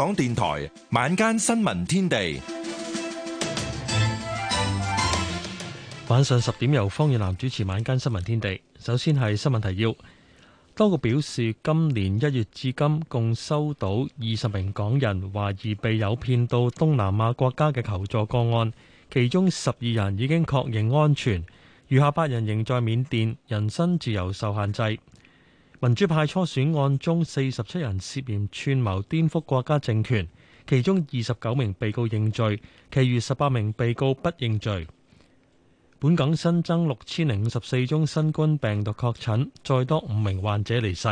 港電台晚間新聞天地，晚上十點由方宇南主持晚間新聞天地。首先係新聞提要，當局表示今年一月至今共收到二十名港人懷疑被誘騙到東南亞國家嘅求助個案，其中十二人已經確認安全，餘下八人仍在緬甸，人身自由受限制。民主派初選案中，四十七人涉嫌串謀顛覆國家政權，其中二十九名被告認罪，其餘十八名被告不認罪。本港新增六千零五十四宗新冠病毒確診，再多五名患者離世。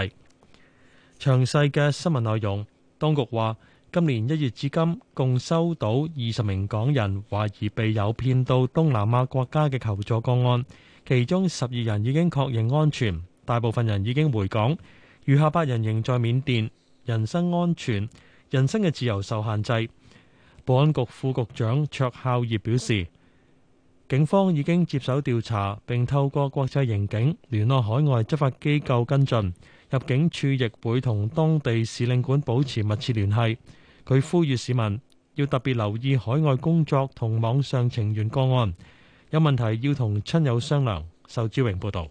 詳細嘅新聞內容，當局話今年一月至今共收到二十名港人懷疑被誘騙到東南亞國家嘅求助個案，其中十二人已經確認安全。大部分人已經回港，餘下八人仍在緬甸，人身安全、人身嘅自由受限制。保安局副局長卓孝業表示，警方已經接手調查，並透過國際刑警聯絡海外執法機構跟進。入境處亦會同當地使領館保持密切聯繫。佢呼籲市民要特別留意海外工作同網上情緣個案，有問題要同親友商量。仇志榮報導。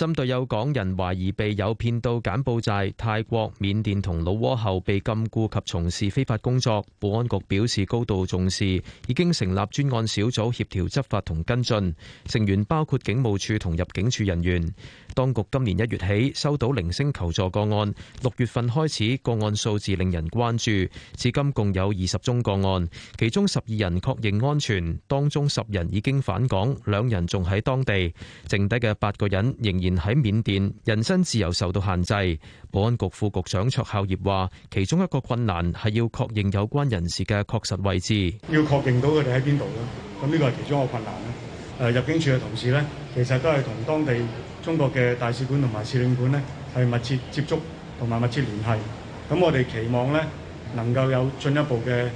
針對有港人懷疑被誘騙到柬埔寨、泰國、緬甸同老撾後被禁錮及從事非法工作，保安局表示高度重視，已經成立專案小組協調執法同跟進，成員包括警務處同入境處人員。當局今年一月起收到零星求助個案，六月份開始個案數字令人關注，至今共有二十宗個案，其中十二人確認安全，當中十人已經返港，兩人仲喺當地，剩低嘅八個人仍然喺緬甸，人身自由受到限制。保安局副局長卓孝業話，其中一個困難係要確認有關人士嘅確實位置，要確認到佢哋喺邊度，咁呢個係其中一個困難誒，入境處嘅同事咧，其實都係同當地中國嘅大使館同埋使領館咧，係密切接觸同埋密切聯繫。咁我哋期望咧，能夠有進一步嘅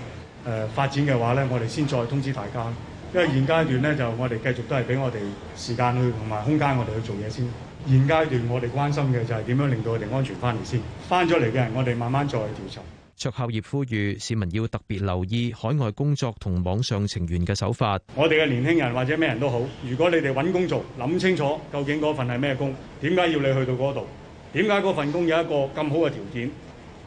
誒發展嘅話咧，我哋先再通知大家。因為現階段咧，就我哋繼續都係俾我哋時間去同埋空間，我哋去做嘢先。現階段我哋關心嘅就係點樣令到佢哋安全翻嚟先。翻咗嚟嘅人，我哋慢慢再調查。卓孝業呼籲市民要特別留意海外工作同網上情緣嘅手法。我哋嘅年輕人或者咩人都好，如果你哋揾工做，諗清楚究竟嗰份係咩工，點解要你去到嗰度？點解嗰份工有一個咁好嘅條件，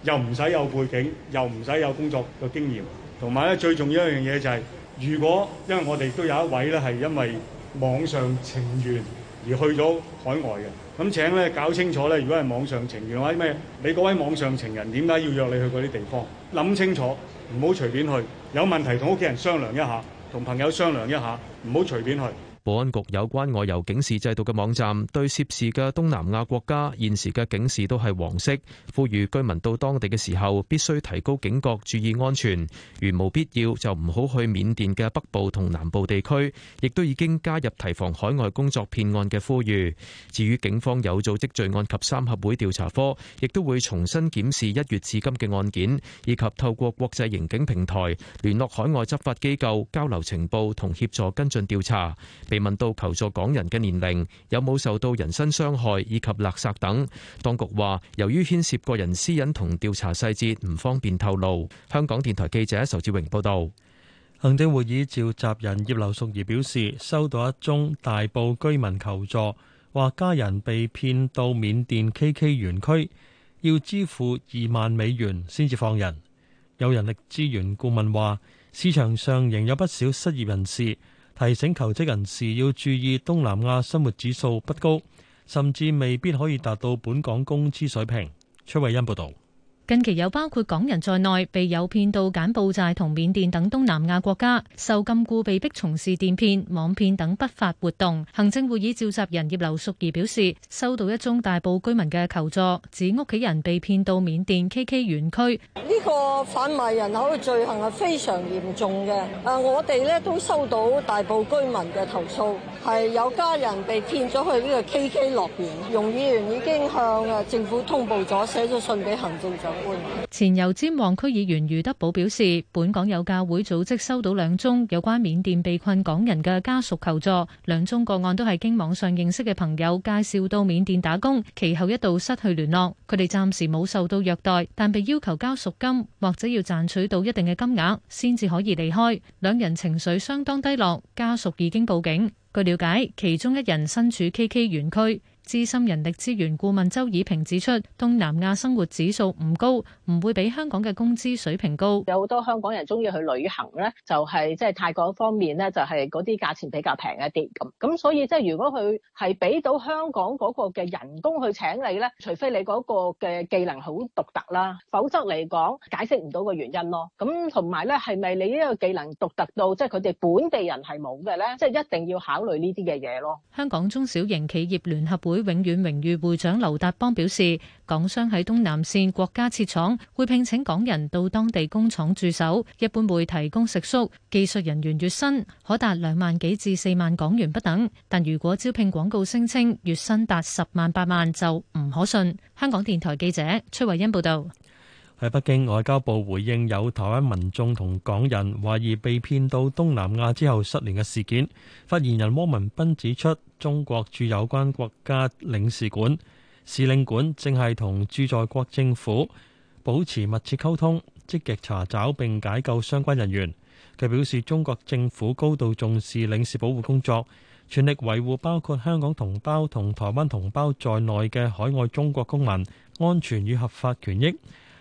又唔使有背景，又唔使有工作嘅經驗，同埋咧最重要一樣嘢就係、是。如果因為我哋都有一位呢，係因為網上情緣而去咗海外嘅，咁請呢搞清楚呢，如果係網上情緣或者咩，你嗰位網上情人點解要約你去嗰啲地方？諗清楚，唔好隨便去，有問題同屋企人商量一下，同朋友商量一下，唔好隨便去。保安局有關外遊警示制度嘅網站，對涉事嘅東南亞國家現時嘅警示都係黃色，呼籲居民到當地嘅時候必須提高警覺，注意安全。如無必要，就唔好去緬甸嘅北部同南部地區。亦都已經加入提防海外工作騙案嘅呼籲。至於警方有組織罪案及三合會調查科，亦都會重新檢視一月至今嘅案件，以及透過國際刑警平台聯絡海外執法機構，交流情報同協助跟進調查。被問到求助港人嘅年齡有冇受到人身傷害以及勒索等，當局話由於牽涉個人私隱同調查細節，唔方便透露。香港電台記者仇志榮報道。行政會議召集人葉劉淑儀表示，收到一宗大埔居民求助，話家人被騙到緬甸 KK 園區，要支付二萬美元先至放人。有人力資源顧問話，市場上仍有不少失業人士。提醒求職人士要注意東南亞生活指數不高，甚至未必可以達到本港工資水平。崔慧欣報導。近期有包括港人在內被誘騙到柬埔寨同緬甸等東南亞國家，受禁錮被逼從事電騙、網騙等不法活動。行政會議召集人葉劉淑儀表示，收到一宗大埔居民嘅求助，指屋企人被騙到緬甸 KK 園區。呢個販賣人口嘅罪行係非常嚴重嘅。啊，我哋呢都收到大埔居民嘅投訴，係有家人被騙咗去呢個 KK 樂園。容議員已經向政府通報咗，寫咗信俾行政長。前油尖旺區議員余德寶表示，本港有教會組織收到兩宗有關緬甸被困港人嘅家屬求助，兩宗個案都係經網上認識嘅朋友介紹到緬甸打工，其後一度失去聯絡。佢哋暫時冇受到虐待，但被要求交贖金或者要賺取到一定嘅金額先至可以離開。兩人情緒相當低落，家屬已經報警。據了解，其中一人身處 KK 園區。資深人力資源顧問周以平指出，東南亞生活指數唔高，唔會比香港嘅工資水平高。有好多香港人中意去旅行咧，就係即係泰國方面咧，就係嗰啲價錢比較平一啲咁。咁所以即係如果佢係俾到香港嗰個嘅人工去請你咧，除非你嗰個嘅技能好獨特啦，否則嚟講解釋唔到個原因咯。咁同埋咧，係咪你呢個技能獨特到即係佢哋本地人係冇嘅咧？即係一定要考慮呢啲嘅嘢咯。香港中小型企業聯合會，永遠榮譽會長劉達邦表示，港商喺東南線國家設廠，會聘請港人到當地工廠駐守，一般會提供食宿，技術人員月薪可達兩萬幾至四萬港元不等，但如果招聘廣告聲稱月薪達十萬八萬，就唔可信。香港電台記者崔慧欣報道。喺北京，外交部回應有台灣民眾同港人懷疑被騙到東南亞之後失聯嘅事件，發言人汪文斌指出，中國駐有關國家領事館使領館正係同駐在國政府保持密切溝通，積極查找並解救相關人員，佢表示，中國政府高度重視領事保護工作，全力維護包括香港同胞同台灣同胞在內嘅海外中國公民安全與合法權益。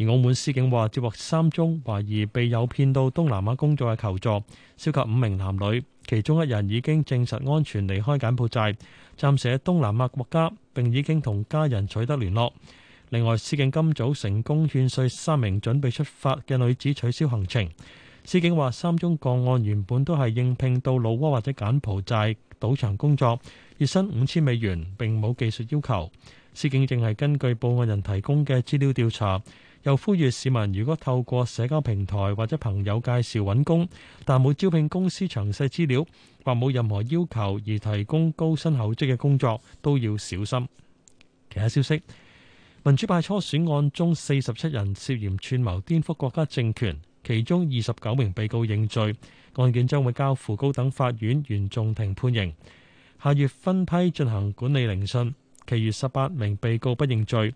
而澳門司警話接獲三宗懷疑被誘騙到東南亞工作嘅求助，涉及五名男女，其中一人已經證實安全離開柬埔寨，暫時喺東南亞國家，並已經同家人取得聯絡。另外，司警今早成功勸説三名準備出發嘅女子取消行程。司警話三宗個案原本都係應聘到老撾或者柬埔寨賭場工作，月薪五千美元，並冇技術要求。司警正係根據報案人提供嘅資料調查。又呼籲市民，如果透過社交平台或者朋友介紹揾工，但冇招聘公司詳細資料或冇任何要求而提供高薪厚職嘅工作，都要小心。其他消息：民主派初選案中，四十七人涉嫌串謀顛覆國家政權，其中二十九名被告認罪，案件將會交付高等法院原訟庭判刑，下月分批進行管理聆訊，其餘十八名被告不認罪。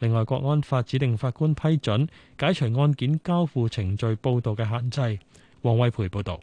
另外，國安法指定法官批准解除案件交付程序報道嘅限制。黃威培報導，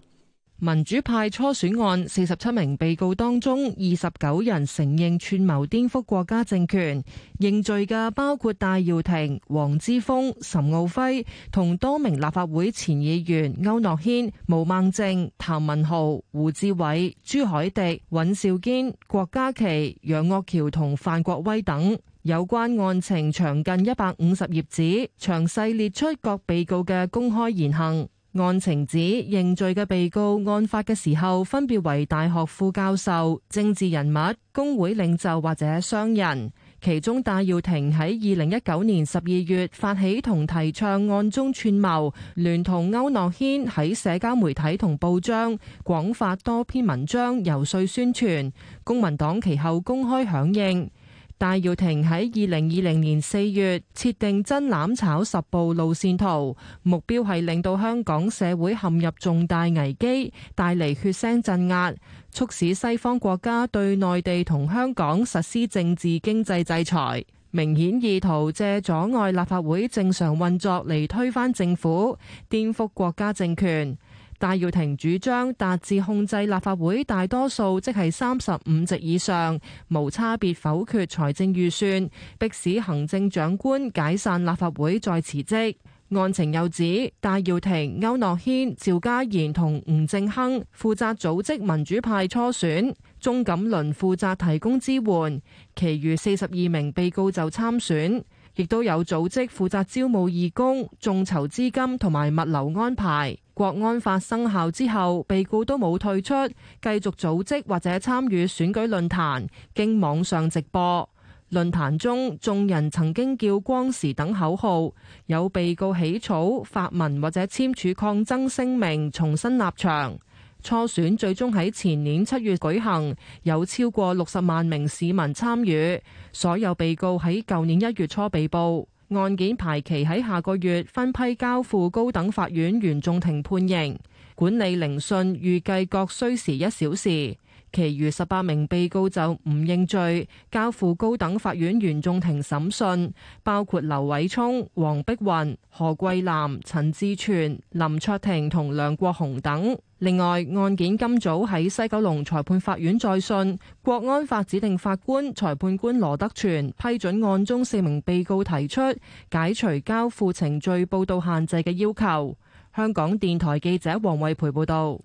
民主派初選案四十七名被告當中，二十九人承認串謀顛覆覆國家政權認罪嘅，包括戴耀廷、黃之鋒、岑敖暉同多名立法會前議員區諾軒、毛孟靜、譚文豪、胡志偉、朱凱廸、尹兆堅、郭家麒、楊岳橋同范國威等。有關案情長近一百五十頁紙，詳細列出各被告嘅公開言行。案情指認罪嘅被告案發嘅時候，分別為大學副教授、政治人物、工會領袖或者商人。其中戴耀廷喺二零一九年十二月發起同提倡案中串謀，聯同歐諾軒喺社交媒體同報章廣發多篇文章遊說宣傳。公民黨其後公開響應。戴耀廷喺二零二零年四月設定真攬炒十步路綫圖，目標係令到香港社會陷入重大危機，帶嚟血腥鎮壓，促使西方國家對內地同香港實施政治經濟制裁，明顯意圖借阻礙立法會正常運作嚟推翻政府，顛覆國家政權。戴耀廷主張達至控制立法會，大多數即係三十五席以上，無差別否決財政預算，迫使行政長官解散立法會再辭職。案情又指，戴耀廷、區諾軒、趙家賢同吳政亨負責組織民主派初選，鍾錦麟負責提供支援，其餘四十二名被告就參選，亦都有組織負責招募義工、眾籌資金同埋物流安排。國安法生效之後，被告都冇退出，繼續組織或者參與選舉論壇，經網上直播。論壇中，眾人曾經叫光時等口號，有被告起草發文、或者簽署抗爭聲明，重新立場。初選最終喺前年七月舉行，有超過六十萬名市民參與。所有被告喺舊年一月初被捕。案件排期喺下個月分批交付高等法院原訟庭判刑，管理聆訊預計各需時一小時。其餘十八名被告就唔認罪，交付高等法院原訟庭審訊，包括劉偉聰、黃碧雲、何桂南、陳志全、林卓廷同梁國雄等。另外，案件今早喺西九龍裁判法院再訊，國安法指定法官裁判官羅德全批准案中四名被告提出解除交付程序報道限制嘅要求。香港電台記者黃慧培報道。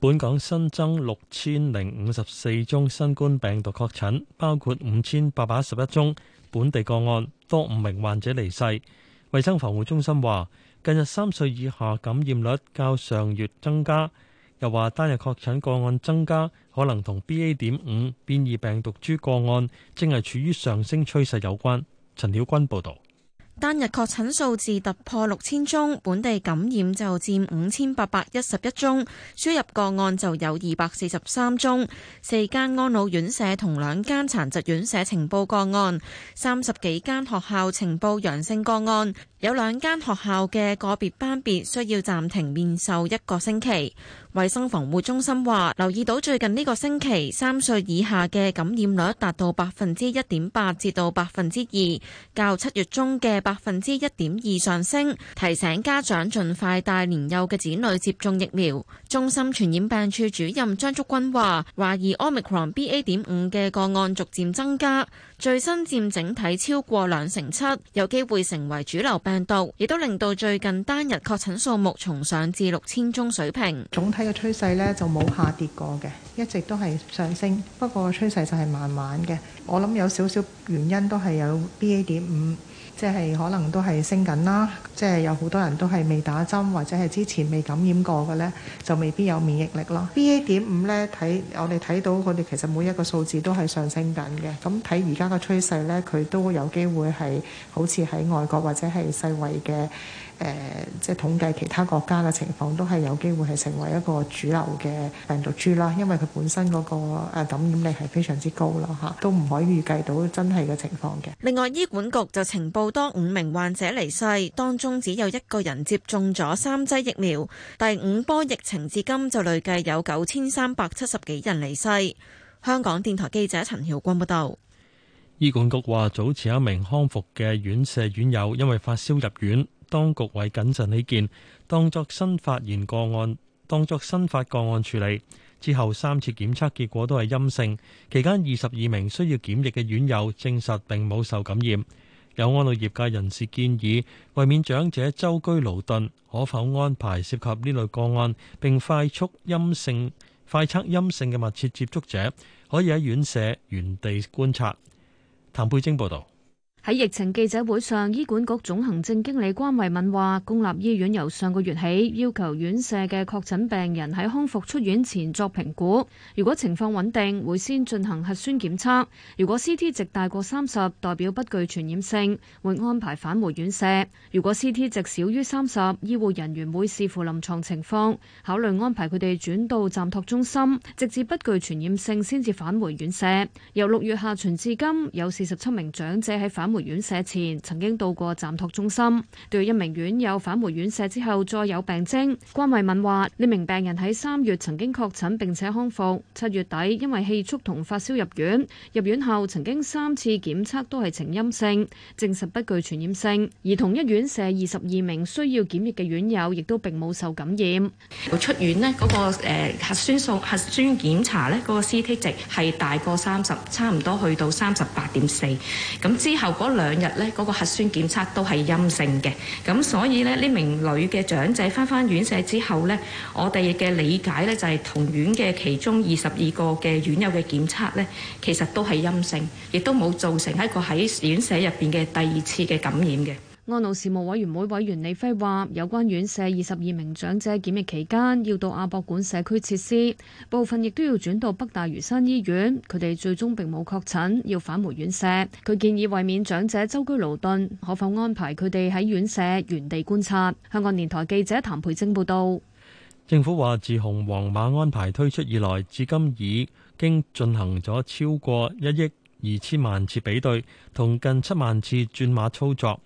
本港新增六千零五十四宗新冠病毒確診，包括五千八百一十一宗本地個案，多五名患者離世。衛生防護中心話，近日三歲以下感染率較上月增加，又話單日確診個案增加可能同 BA. 點五變異病毒株個案正係處於上升趨勢有關。陳曉君報道。單日確診數字突破六千宗，本地感染就佔五千八百一十一宗，輸入個案就有二百四十三宗。四間安老院舍同兩間殘疾院舍呈報個案，三十幾間學校呈報陽性個案，有兩間學校嘅個別班別需要暫停面授一個星期。衛生防護中心話，留意到最近呢個星期，三歲以下嘅感染率達到百分之一點八至到百分之二，較七月中嘅百分之一點二上升，提醒家長盡快帶年幼嘅子女接種疫苗。中心傳染病處主任張竹君話，懷疑 Omicron BA.5 嘅個案逐漸增加，最新佔整體超過兩成七，有機會成為主流病毒，亦都令到最近單日確診數目重上至六千宗水平。總體嘅趨勢呢就冇下跌過嘅，一直都係上升。不過趨勢就係慢慢嘅。我諗有少少原因都係有 BA.5。即係可能都係升緊啦，即係有好多人都係未打針或者係之前未感染過嘅呢，就未必有免疫力咯。BA. 點五呢，睇我哋睇到佢哋其實每一個數字都係上升緊嘅。咁睇而家嘅趨勢呢，佢都有機會係好似喺外國或者係世衞嘅誒，即係統計其他國家嘅情況都係有機會係成為一個主流嘅病毒株啦。因為佢本身嗰個感染力係非常之高啦，嚇都唔可以預計到真係嘅情況嘅。另外，醫管局就呈報。好多五名患者離世，當中只有一個人接種咗三劑疫苗。第五波疫情至今就累計有九千三百七十幾人離世。香港電台記者陳曉君報道。醫管局話，早前一名康復嘅院舍院友因為發燒入院，當局為謹慎起見，當作新發現個案，當作新發個案處理。之後三次檢測結果都係陰性，期間二十二名需要檢疫嘅院友證實並冇受感染。有安老業界人士建議，為免長者舟車勞頓，可否安排涉及呢類個案，並快速陰性快測陰性嘅密切接觸者，可以喺院舍原地觀察。譚佩晶報道。喺疫情記者會上，醫管局總行政經理關慧敏話：公立醫院由上個月起要求院舍嘅確診病人喺康復出院前作評估，如果情況穩定，會先進行核酸檢測；如果 CT 值大過三十，代表不具傳染性，會安排返回院舍；如果 CT 值少於三十，醫護人員會視乎臨床情況，考慮安排佢哋轉到暫托中心，直至不具傳染性先至返回院舍。由六月下旬至今，有四十七名長者喺返回。院舍前曾經到過暫託中心，對一名院友返回院舍之後再有病徵，關慧敏話：呢名病人喺三月曾經確診並且康復，七月底因為氣促同發燒入院，入院後曾經三次檢測都係呈陰性，證實不具傳染性。而同一院舍二十二名需要檢疫嘅院友亦都並冇受感染。出院咧嗰個誒核酸素核酸檢查咧，嗰個 CT 值係大過三十，差唔多去到三十八點四，咁之後。嗰兩日咧，嗰個核酸檢測都係陰性嘅，咁所以咧，呢名女嘅長者翻返院舍之後咧，我哋嘅理解咧就係同院嘅其中二十二個嘅院友嘅檢測咧，其實都係陰性，亦都冇造成一個喺院舍入邊嘅第二次嘅感染嘅。安老事務委員會委員李輝話，有關院舍二十二名長者檢疫期間，要到亞博館社區設施，部分亦都要轉到北大嶼山醫院。佢哋最終並冇確診，要返回院舍。佢建議為免長者周居勞頓，可否安排佢哋喺院舍原地觀察？香港電台記者譚培貞報道。政府話，自紅黃碼安排推出以來，至今已經進行咗超過一億二千萬次比對，同近七萬次轉碼操作。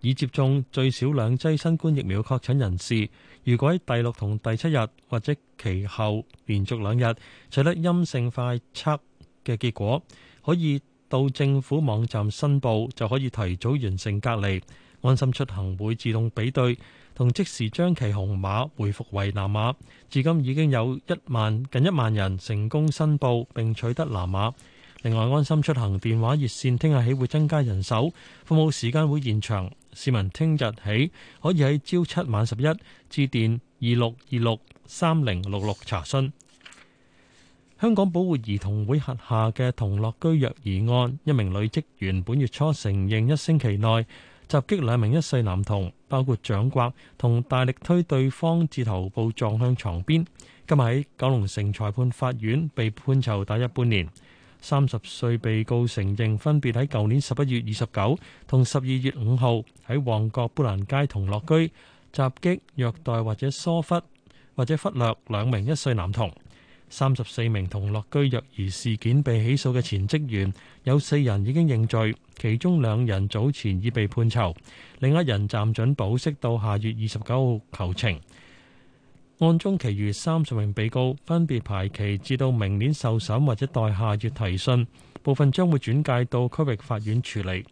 已接種最少兩劑新冠疫苗嘅確診人士，如果喺第六同第七日或者其後連續兩日取得陰性快測嘅結果，可以到政府網站申報，就可以提早完成隔離，安心出行會自動比對同即時將其紅碼回復為藍碼。至今已經有一萬近一萬人成功申報並取得藍碼。另外，安心出行電話熱線，聽日起會增加人手，服務時間會延長，市民聽日起可以喺朝七晚十一致電二六二六三零六六查詢。香港保護兒童會轄下嘅童樂居虐兒案，一名女職員本月初承認一星期內襲擊兩名一歲男童，包括掌摑同大力推對方至頭部撞向床邊，今日喺九龍城裁判法院被判囚大約半年。三十歲被告承認分別喺舊年十一月二十九同十二月五號喺旺角砵蘭街同樂居襲擊、虐待或者疏忽或者忽略兩名一歲男童。三十四名同樂居虐兒事件被起訴嘅前職員有四人已經認罪，其中兩人早前已被判囚，另一人暫準保釋到下月二十九號求情。案中其餘三十名被告分別排期至到明年受審，或者待下月提訊，部分將會轉介到區域法院處理。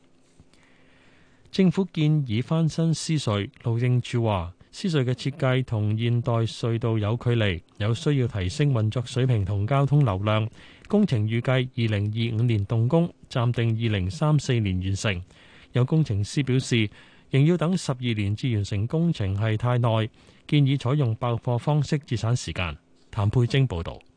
政府建議翻新獅隧，路政署話獅隧嘅設計同現代隧道有距離，有需要提升運作水平同交通流量。工程預計二零二五年動工，暫定二零三四年完成。有工程師表示，仍要等十二年至完成工程係太耐。建議採用爆破方式節省時間。譚佩晶報導。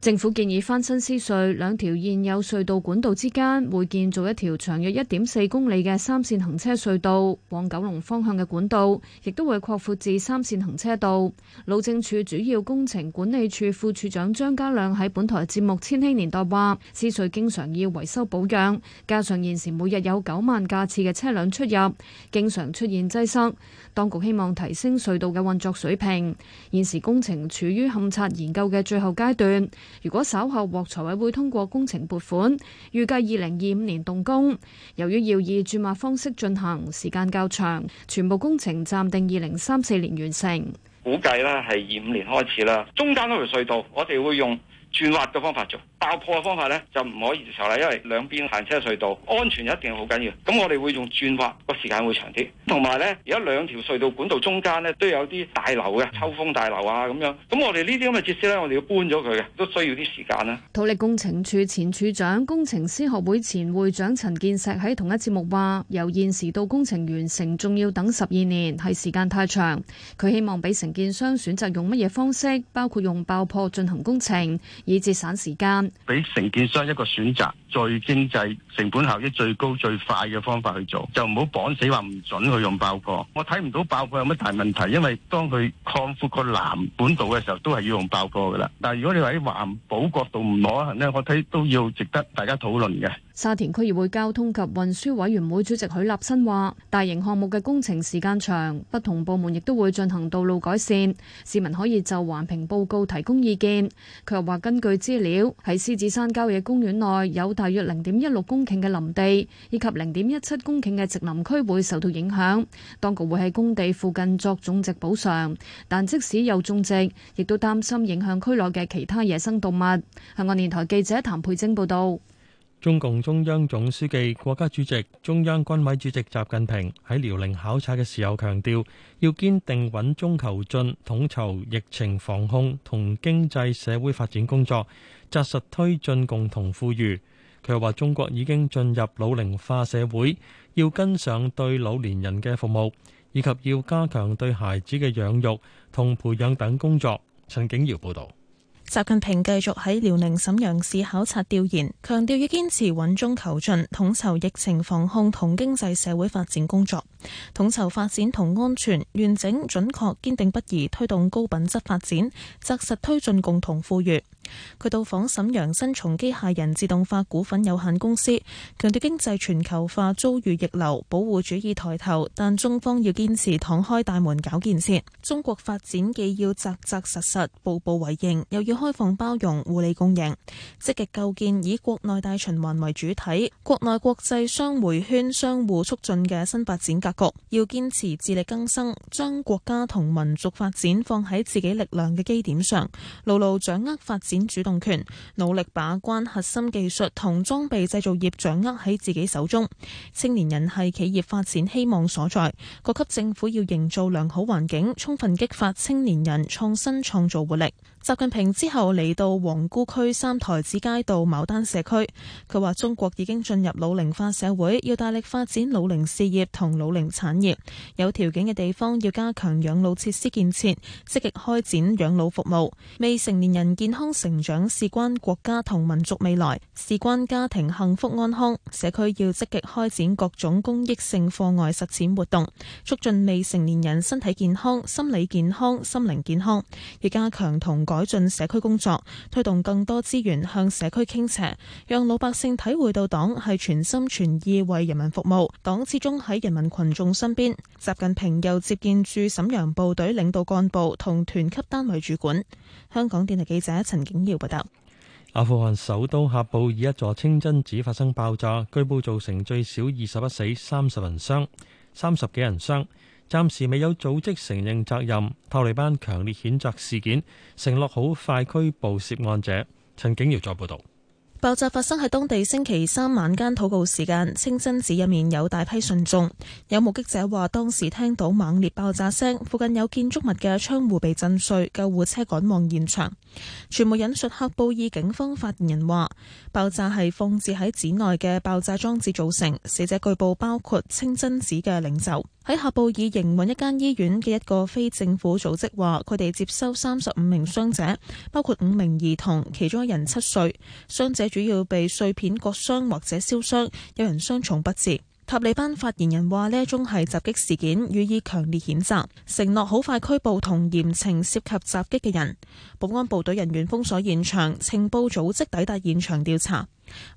政府建議翻新獅隧兩條現有隧道管道之間，會建造一條長約一點四公里嘅三線行車隧道，往九龍方向嘅管道亦都會擴闊至三線行車道。路政署主要工程管理處副處長張家亮喺本台節目《千禧年代》話：獅隧經常要維修保養，加上現時每日有九萬架次嘅車輛出入，經常出現擠塞。當局希望提升隧道嘅運作水平。現時工程處於勘測研究嘅最後階段。如果稍後獲財委會通過工程撥款，預計二零二五年動工。由於要以鑽挖方式進行，時間較長，全部工程暫定二零三四年完成。估計呢係二五年開始啦，中間嗰條隧道，我哋會用鑽挖嘅方法做。爆破嘅方法咧就唔可以接受啦，因為兩邊行車隧道安全一定好緊要。咁我哋會用鑽挖，個時間會長啲。同埋咧，而家兩條隧道管道中間咧都有啲大樓嘅抽風大樓啊，咁樣，咁我哋呢啲咁嘅設施咧，我哋要搬咗佢嘅，都需要啲時間啦。土力工程處前處長、工程師學會前會長陳建石喺同一節目話，由現時到工程完成，仲要等十二年，係時間太長，佢希望俾承建商選擇用乜嘢方式，包括用爆破進行工程，以節省時間。俾承建商一個選擇，最經濟、成本效益最高、最快嘅方法去做，就唔好綁死話唔準去用爆破。我睇唔到爆破有乜大問題，因為當佢擴闊個南本道嘅時候，都係要用爆破㗎喇。但係如果你話喺環保角度唔可行咧，我睇都要值得大家討論嘅。沙田區議會交通及運輸委員會主席許立新話：大型項目嘅工程時間長，不同部門亦都會進行道路改善，市民可以就環評報告提供意見。佢又話：根據資料，喺獅子山郊野公園內有大約零點一六公頃嘅林地，以及零點一七公頃嘅植林區會受到影響。當局會喺工地附近作種植補償，但即使有種植，亦都擔心影響區內嘅其他野生動物。香港電台記者譚佩晶報導。中共中央總書記、國家主席、中央軍委主席習近平喺遼寧考察嘅時候強調要堅定穩中求進，統籌疫情防控同經濟社會發展工作，紮實推進共同富裕。佢又話：中國已經進入老齡化社會，要跟上對老年人嘅服務，以及要加強對孩子嘅養育同培養等工作。陳景瑤報道。習近平繼續喺遼寧瀋陽市考察調研，強調要堅持穩中求進，統籌疫情防控同經濟社會發展工作，統籌發展同安全，完整、準確、堅定不移推動高品質發展，紮實推進共同富裕。佢到訪瀋陽新松機械人自動化股份有限公司，強調經濟全球化遭遇逆流，保護主義抬頭，但中方要堅持敞開大門搞建設。中國發展既要扎扎實實、步步為營，又要開放包容、互利共贏，積極構建以國內大循環為主體、國內國際雙回圈相互促進嘅新發展格局。要堅持自力更生，將國家同民族發展放喺自己力量嘅基點上，牢牢掌握發展。主動權，努力把關核心技術同裝備製造業掌握喺自己手中。青年人係企業發展希望所在，各級政府要營造良好環境，充分激發青年人創新創造活力。習近平之後嚟到皇姑區三台子街道牡丹社區，佢話：中國已經進入老齡化社會，要大力發展老齡事業同老齡產業，有條件嘅地方要加強養老設施建設，積極開展養老服務。未成年人健康成長事關國家同民族未來，事關家庭幸福安康。社區要積極開展各種公益性課外實踐活動，促進未成年人身體健康、心理健康、心靈健康，要加強同國。改進社區工作，推動更多資源向社區傾斜，讓老百姓體會到黨係全心全意為人民服務。黨始終喺人民群眾身邊。習近平又接見駐沈陽部隊領導幹部同團級單位主管。香港電台記者陳景耀報道。阿富汗首都喀布爾一座清真寺發生爆炸，據報造成最少二十一死、三十人傷、三十幾人傷。暫時未有組織承認責任，塔利班強烈譴責事件，承諾好快拘捕涉案者。陳景瑤再報道：爆炸發生喺當地星期三晚間禱告時間，清真寺入面有大批信眾。有目擊者話，當時聽到猛烈爆炸聲，附近有建築物嘅窗戶被震碎，救護車趕往現場。傳媒引述克布爾警方發言人話，爆炸係放置喺寺內嘅爆炸裝置造成，死者據報包括清真寺嘅領袖。喺克布爾營運一間醫院嘅一個非政府組織話，佢哋接收三十五名傷者，包括五名兒童，其中一人七歲。傷者主要被碎片割傷或者燒傷，有人傷重不治。塔利班發言人話呢一宗係襲擊事件，予以強烈譴責，承諾好快拘捕同嚴懲涉及襲擊嘅人。保安部隊人員封鎖現場，情報組織抵達現場調查。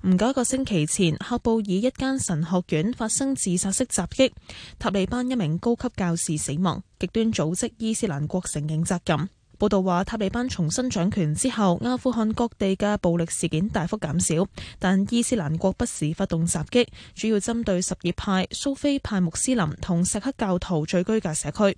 唔夠一個星期前，喀布爾一間神學院發生自殺式襲擊，塔利班一名高級教士死亡，極端組織伊斯蘭國承認責任。報道話，塔利班重新掌權之後，阿富汗各地嘅暴力事件大幅減少，但伊斯蘭國不時發動襲擊，主要針對什葉派、蘇菲派穆斯林同錫克教徒聚居嘅社區。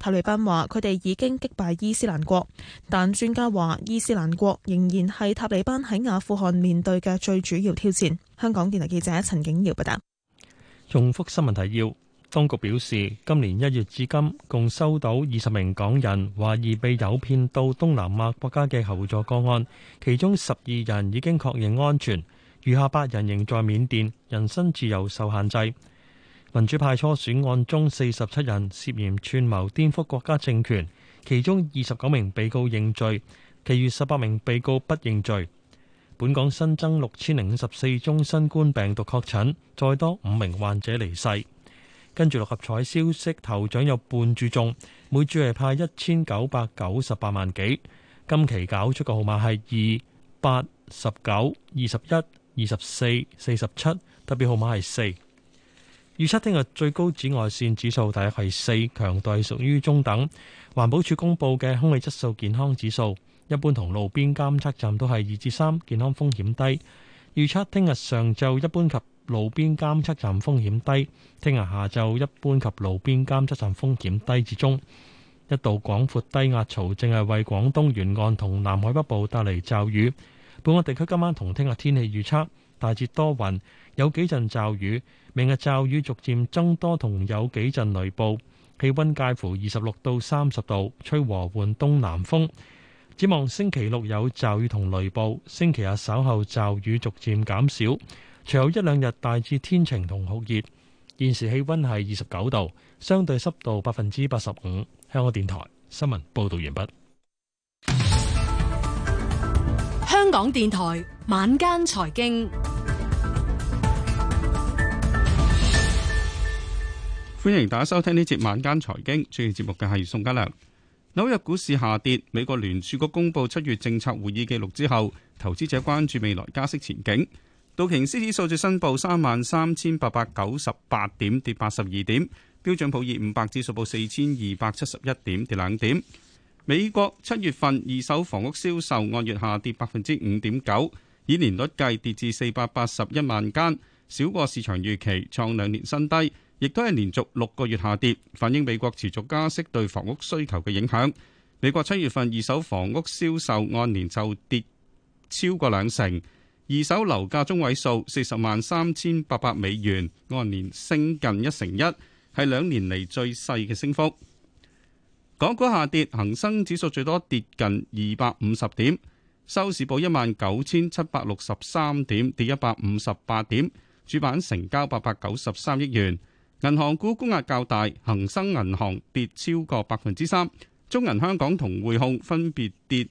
塔利班話佢哋已經擊敗伊斯蘭國，但專家話伊斯蘭國仍然係塔利班喺阿富汗面對嘅最主要挑戰。香港電台記者陳景堯報道：「重複新聞提要。當局表示，今年一月至今共收到二十名港人懷疑被誘騙到東南亞國家嘅求助個案，其中十二人已經確認安全，餘下八人仍在緬甸，人身自由受限制。民主派初選案中，四十七人涉嫌串謀顛覆國家政權，其中二十九名被告認罪，其餘十八名被告不認罪。本港新增六千零五十四宗新冠病毒確診，再多五名患者離世。跟住六合彩消息，頭獎有半注中，每注係派一千九百九十八萬幾。今期搞出個號碼係二八十九、二十一、二十四、四十七，特別號碼係四。預測聽日最高紫外線指數大約係四，強度屬於中等。環保署公布嘅空氣質素健康指數，一般同路邊監測站都係二至三，健康風險低。預測聽日上晝一般及。路邊監測站風險低，聽日下晝一般及路邊監測站風險低至中。一度廣闊低壓槽正係為廣東沿岸同南海北部帶嚟驟雨。本港地區今晚同聽日天氣預測大致多雲，有幾陣驟雨。明日驟雨逐漸增多，同有幾陣雷暴。氣溫介乎二十六到三十度，吹和緩東南風。展望星期六有驟雨同雷暴，星期日稍後驟雨逐漸減少。隨後一兩日大致天晴同酷熱，現時氣溫係二十九度，相對濕度百分之八十五。香港電台新聞報道完畢。香港電台晚間財經，歡迎大家收聽呢節晚間財經。主持節目嘅係宋家良。紐約股市下跌，美國聯儲局公布七月政策會議記錄之後，投資者關注未來加息前景。道瓊斯指數就申報三萬三千八百九十八點跌八十二點，標準普爾五百指數報四千二百七十一點跌兩點。美國七月份二手房屋銷售按月下跌百分之五點九，以年率計跌至四百八十一萬間，少過市場預期，創兩年新低，亦都係連續六個月下跌，反映美國持續加息對房屋需求嘅影響。美國七月份二手房屋銷售按年就跌超過兩成。二手樓價中位數四十萬三千八百美元，按年升近一成一，係兩年嚟最細嘅升幅。港股下跌，恒生指數最多跌近二百五十點，收市報一萬九千七百六十三點，跌一百五十八點。主板成交八百九十三億元。銀行股沽壓較大，恒生銀行跌超過百分之三，中銀香港同匯控分別跌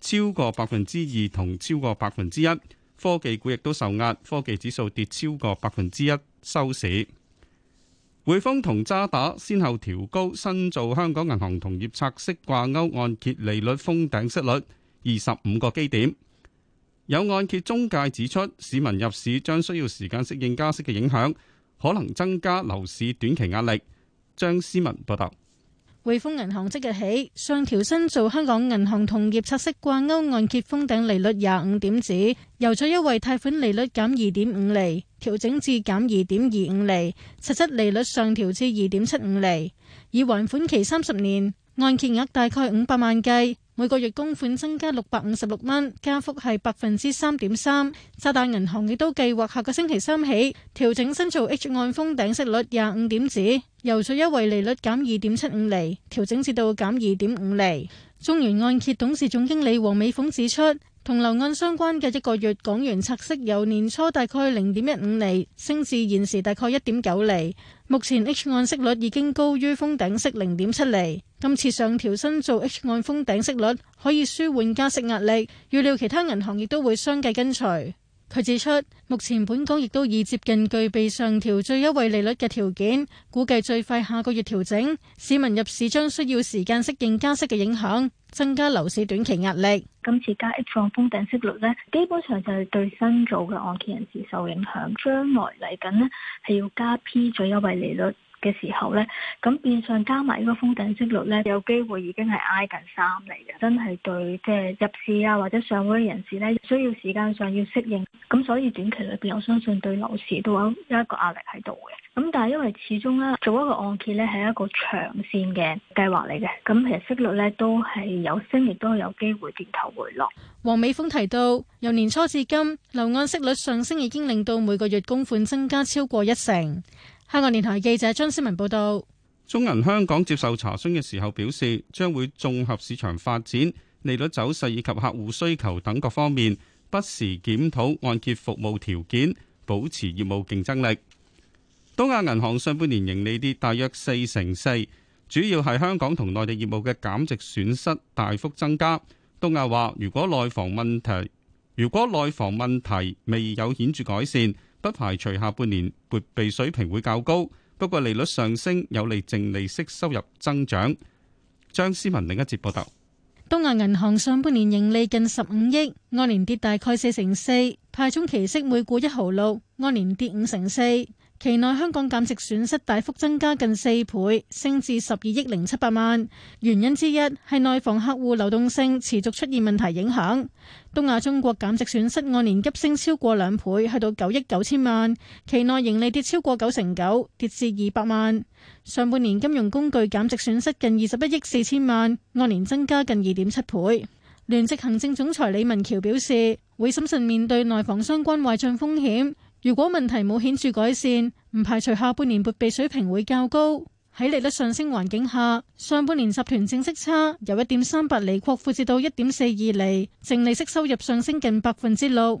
超過百分之二同超過百分之一。科技股亦都受壓，科技指數跌超過百分之一收市。匯豐同渣打先後調高新造香港銀行同業拆息掛鉤按揭利率封頂息率二十五個基點。有按揭中介指出，市民入市將需要時間適應加息嘅影響，可能增加樓市短期壓力。張思文報道。匯豐銀行即日起上調新造香港銀行同業拆息掛鈎按揭封頂利率廿五點子，由最優惠貸款利率減二點五厘，調整至減二點二五厘，實質利率上調至二點七五厘，以還款期三十年，按揭額大概五百萬計。每個月供款增加六百五十六蚊，加幅係百分之三點三。渣打銀行亦都計劃下個星期三起調整新造 H 按封頂息率廿五點子，由最優惠利率減二點七五厘，調整至到減二點五厘。中原按揭董事總經理黃美鳳指出，同樓按相關嘅一個月，港元拆息由年初大概零點一五厘升至現時大概一點九厘。目前 H 按息率已經高於封頂息零點七厘。今次上調新做 H 按封頂息率，可以舒緩加息壓力。預料其他銀行亦都會相繼跟隨。佢指出，目前本港亦都已接近具備上調最優惠利率嘅條件，估計最快下個月調整。市民入市將需要時間適應加息嘅影響，增加樓市短期壓力。今次加 H 放封頂息率咧，基本上就係對新造嘅按揭人士受影響。將來嚟緊咧，係要加 P 最優惠利率，嘅時候呢，咁變相加埋呢個封頂息率呢，有機會已經係挨近三釐嘅，真係對即係、就是、入市啊或者上位人士呢，需要時間上要適應。咁所以短期裏邊，我相信對樓市都有一個壓力喺度嘅。咁但係因為始終呢，做一個按揭呢，係一個長線嘅計劃嚟嘅。咁其實息率呢，都係有升，亦都有機會調頭回落。黃美峯提到，由年初至今，樓按息率上升已經令到每個月供款增加超過一成。香港電台記者張思文報道，中銀香港接受查詢嘅時候表示，將會綜合市場發展、利率走勢以及客戶需求等各方面，不時檢討按揭服務條件，保持業務競爭力。東亞銀行上半年盈利跌大約四成四，主要係香港同內地業務嘅減值損失大幅增加。東亞話，如果內房問題，如果內房問題未有顯著改善，不排除下半年撥備水平會較高，不過利率上升有利淨利息收入增長。張思文另一節報道：東亞銀行上半年盈利近十五億，按年跌大概四成四，派中期息每股一毫六，按年跌五成四。期內香港減值損失大幅增加近四倍，升至十二億零七百萬。原因之一係內房客戶流動性持續出現問題影響。東亞中國減值損失按年急升超過兩倍，去到九億九千萬。期內盈利跌超過九成九，跌至二百萬。上半年金融工具減值損失近二十一億四千萬，按年增加近二點七倍。聯席行政總裁李文橋表示，會審慎面對內房相關壞賬風險。如果問題冇顯著改善，唔排除下半年撥備水平會較高。喺利率上升環境下，上半年集團淨息差由一點三八厘擴闊至到一點四二厘，淨利息收入上升近百分之六。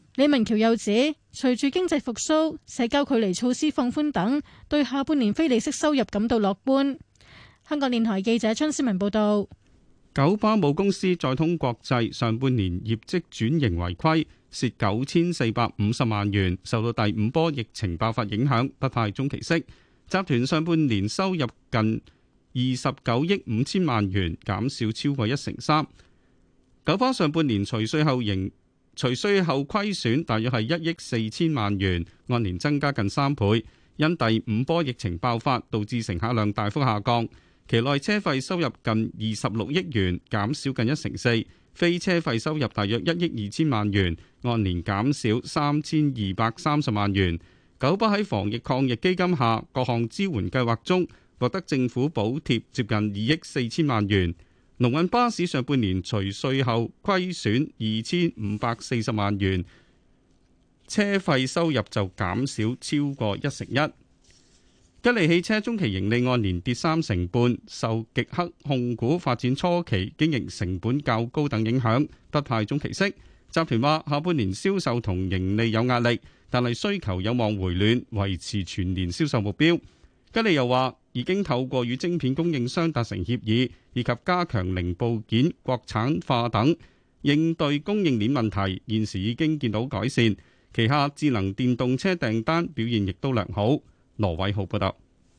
李文橋又指，隨住經濟復蘇、社交距離措施放寬等，對下半年非利息收入感到樂觀。香港電台記者張思文報道。九巴母公司載通國際上半年業績轉型為虧蝕九千四百五十萬元，受到第五波疫情爆發影響，不派中期息。集團上半年收入近二十九億五千萬元，減少超過一成三。九巴上半年除稅後仍除稅後虧損大約係一億四千萬元，按年增加近三倍，因第五波疫情爆發，導致乘客量大幅下降。期內車費收入近二十六億元，減少近一成四。非車費收入大約一億二千萬元，按年減少三千二百三十萬元。九巴喺防疫抗疫基金下各項支援計劃中，獲得政府補貼接近二億四千萬元。龍運巴士上半年除稅後虧損二千五百四十萬元，車費收入就減少超過一成一。吉利汽車中期盈利按年跌三成半，受極氪控股發展初期經營成本較高等影響，不派中期息。集團話下半年銷售同盈利有壓力，但係需求有望回暖，維持全年銷售目標。吉利又話。已經透過與晶片供應商達成協議，以及加強零部件國產化等，應對供應鏈問題，現時已經見到改善。旗下智能電動車訂單表現亦都良好。羅偉浩報導，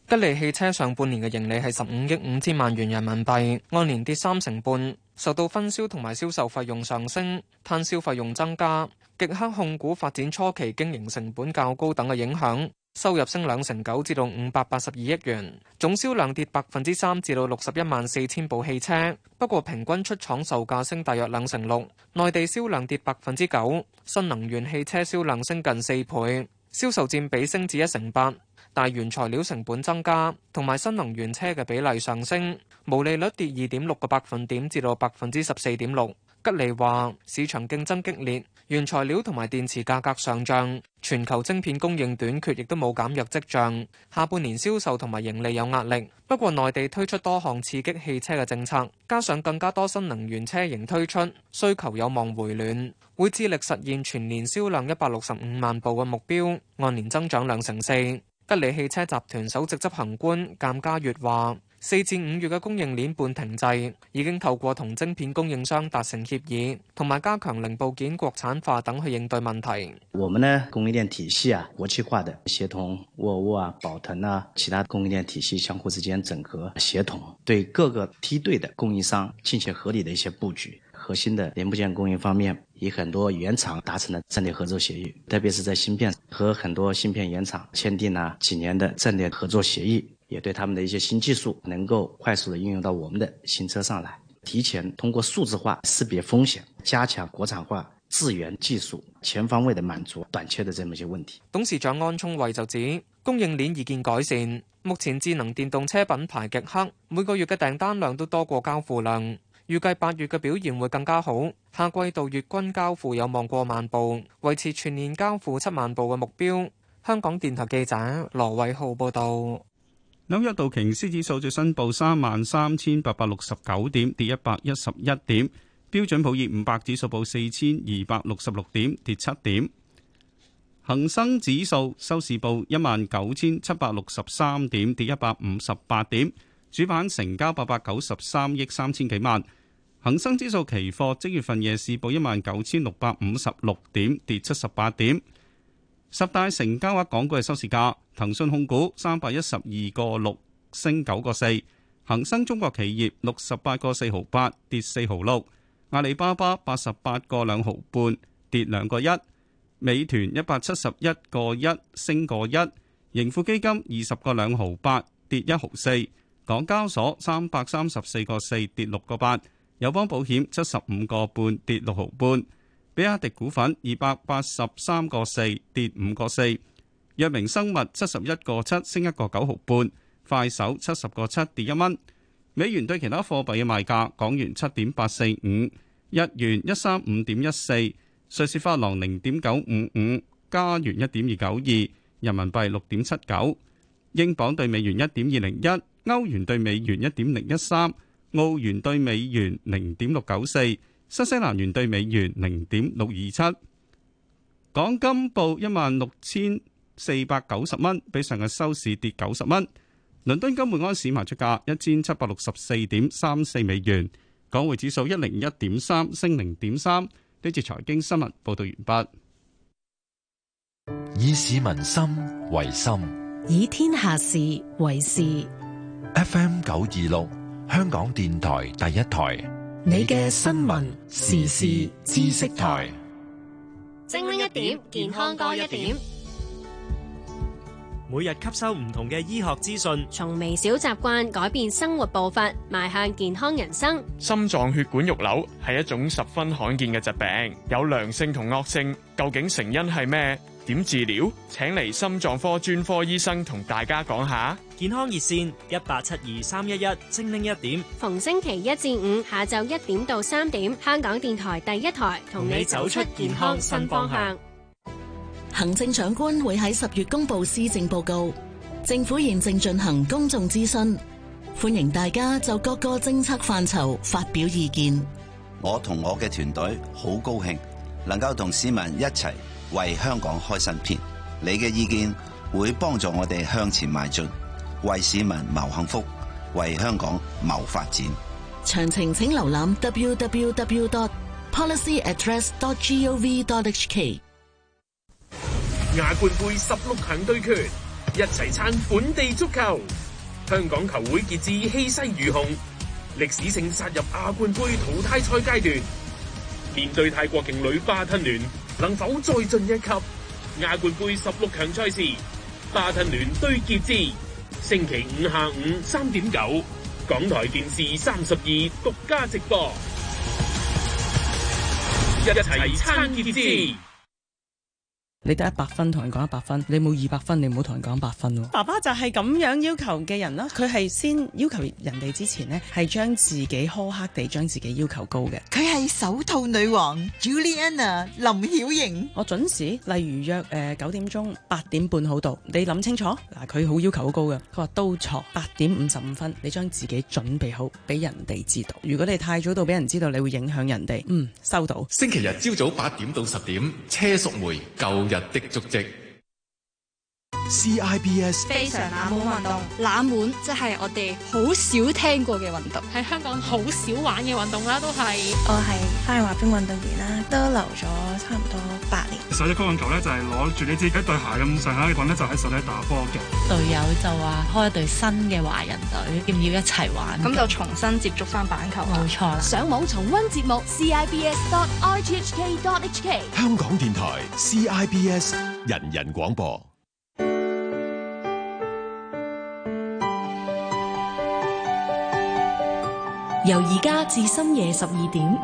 吉利汽車上半年嘅盈利係十五億五千萬元人民幣，按年跌三成半，受到分銷同埋銷售費用上升、攤銷費用增加、極氪控股發展初期經營成本較高等嘅影響。收入升兩成九，至到五百八十二億元，總銷量跌百分之三，至到六十一萬四千部汽車。不過平均出廠售價升大約兩成六，內地銷量跌百分之九，新能源汽車銷量升近四倍，銷售佔比升至一成八。大原材料成本增加，同埋新能源車嘅比例上升，毛利率跌二點六個百分點，至到百分之十四點六。吉利話市場競爭激烈。原材料同埋電池價格上漲，全球晶片供應短缺亦都冇減弱跡象。下半年銷售同埋盈利有壓力，不過內地推出多項刺激汽車嘅政策，加上更加多新能源車型推出，需求有望回暖。會致力實現全年銷量一百六十五萬部嘅目標，按年增長兩成四。吉利汽車集團首席執行官淦家閱話。四至五月嘅供應鏈半停滯，已經透過同晶片供應商達成協議，同埋加強零部件國產化等去應對問題。我們呢，供應鏈體系啊，國際化的協同，沃爾沃啊、寶騰啊，其他供應鏈體系相互之間整合協同，對各個梯隊的供應商進行合理的一些布局。核心的零部件供應方面，與很多原廠達成了戰略合作協議，特別是在芯片，和很多芯片原廠簽訂啦幾年的戰略合作協議。也對他們的一些新技術能夠快速的應用到我們的新車上來，提前通過數字化識別風險，加強國產化資源技術，全方位的滿足短缺的這麼一些問題。董事長安聰慧就指供應鏈已見改善，目前智能電動車品牌極氪，每個月嘅訂單量都多過交付量，預計八月嘅表現會更加好。下季度月均交付有望過萬部，維持全年交付七萬部嘅目標。香港電台記者羅偉浩報道。紐約道瓊斯指數最新報三萬三千八百六十九點，跌一百一十一點；標準普爾五百指數報四千二百六十六點，跌七點；恒生指數收市報一萬九千七百六十三點，跌一百五十八點。主板成交八百九十三億三千幾萬。恒生指數期貨即月份夜市報一萬九千六百五十六點，跌七十八點。十大成交額港股嘅收市價：騰訊控股三百一十二個六升九個四，恒生中國企業六十八個四毫八跌四毫六，阿里巴巴八十八個兩毫半跌兩個一，美團一百七十一個一升個一，盈富基金二十個兩毫八跌一毫四，港交所三百三十四個四跌六個八，友邦保險七十五個半跌六毫半。比亞迪股份二百八十三個四跌五個四，藥明生物七十一個七升一個九毫半，快手七十個七跌一蚊。美元對其他貨幣嘅賣價：港元七點八四五，日元一三五點一四，瑞士法郎零點九五五，加元一點二九二，人民幣六點七九，英鎊對美元一點二零一，歐元對美元一點零一三，澳元對美元零點六九四。新西蘭元兌美元零點六二七，港金報一萬六千四百九十蚊，比上日收市跌九十蚊。倫敦金每安士賣出價一千七百六十四點三四美元，港匯指數一零一點三，升零點三。呢次財經新聞報道完畢。以市民心為心，以天下事為事。F.M. 九二六，香港電台第一台。你嘅新聞時事知識台，精靈一點，健康多一點。每日吸收唔同嘅醫學資訊，從微小習慣改變生活步伐，邁向健康人生。心臟血管肉瘤係一種十分罕見嘅疾病，有良性同惡性，究竟成因係咩？點治療？請嚟心臟科專科醫生同大家講下。健康熱線一八七二三一一，精靈一點。逢星期一至五下晝一點到三點，香港電台第一台同你走出健康新方向。行政長官會喺十月公布施政報告，政府現正進行公眾諮詢，歡迎大家就各個政策範疇發表意見。我同我嘅團隊好高興，能夠同市民一齊。為香港開新篇，你嘅意見會幫助我哋向前邁進，為市民謀幸福，為香港謀發展。詳情請瀏覽 www.policyaddress.gov.hk。亞冠盃十六強對決，一齊撐本地足球。香港球會傑志氣勢如虹，歷史性殺入亞冠盃淘汰賽階段。面對泰國勁旅巴吞聯。能否再進一級？亞冠杯十六強賽事，巴吞聯對傑志，星期五下午三點九，港台電視三十二獨家直播，一齊撐傑志。你得一百分，同人講一百分，你冇二百分，你唔好同人講一百分咯。爸爸就係咁樣要求嘅人咯，佢係先要求人哋之前呢，係將自己苛刻地將自己要求高嘅。佢係手套女王 Juliana 林曉盈。我準時，例如約誒九點鐘八點半好到，你諗清楚嗱，佢好要求好高噶。佢話都錯，八點五十五分，你將自己準備好俾人哋知道。如果你太早到俾人知道，你會影響人哋。嗯，收到。星期日朝早八點到十點，車淑梅日的足跡。CIBS 非常冷門運動冷，冷門即係我哋好少聽過嘅運動，喺香港好少玩嘅運動啦。都係我係花去滑冰運動員啦，都留咗差唔多八年。手執高網球咧，就係攞住呢支一對鞋咁上下嘅棍咧，就喺手底打波嘅。隊友就話開一隊新嘅華人隊，要唔要一齊玩？咁就重新接觸翻板球。冇錯啦。上網重溫節目 CIBS.RTHK.HK。Ci 香港電台 CIBS 人人廣播。由而家至深夜十二點，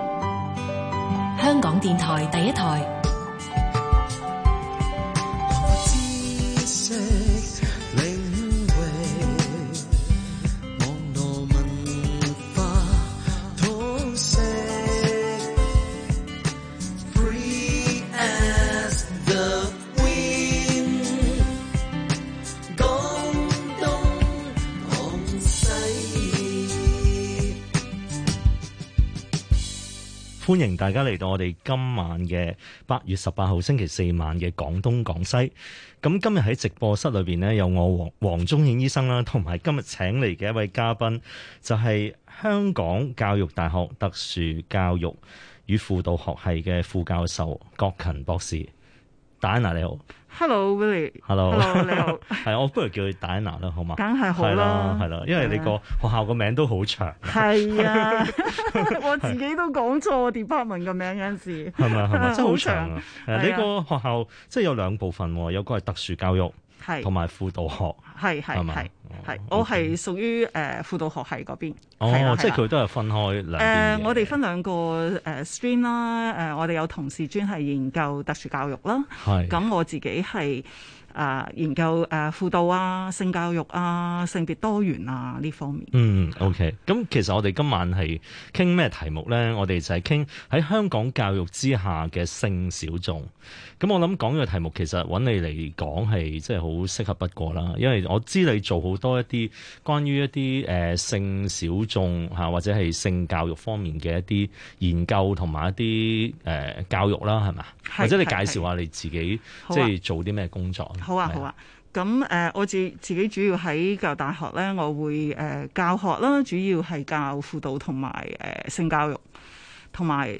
香港電台第一台。歡迎大家嚟到我哋今晚嘅八月十八號星期四晚嘅廣東廣西。咁今日喺直播室裏邊咧，有我黃黃宗憲醫生啦，同埋今日請嚟嘅一位嘉賓，就係香港教育大學特殊教育與輔導學系嘅副教授郭勤博士。戴安娜，你好 Hello，Willy，Hello 你好，係，我不如叫你戴安娜啦，好嘛？梗係好啦，係啦，因為你個學校個名都好長。係啊，我自己都講錯 department 嘅名有陣時。係咪？係咪？真係好長啊！你個學校即係有兩部分喎，有個係特殊教育。係，同埋輔導學，係係係係，我係屬於誒、呃、輔導學系嗰邊。哦，啊啊、即係佢都係分開兩誒、呃，我哋分兩個誒 stream 啦、呃。誒，我哋有同事專係研究特殊教育啦。係是，咁我自己係。啊，研究誒輔導啊、性教育啊、性別多元啊呢方面。嗯，OK。咁其實我哋今晚係傾咩題目咧？我哋就係傾喺香港教育之下嘅性小眾。咁我諗講呢個題目其實揾你嚟講係即係好適合不過啦，因為我知你做好多一啲關於一啲誒性小眾嚇或者係性教育方面嘅一啲研究同埋一啲誒教育啦，係咪？是或者你介紹下你自己即係做啲咩工作？好啊，好啊，咁誒、呃，我自自己主要喺教大學咧，我會誒、呃、教學啦，主要係教輔導同埋誒性教育，同埋。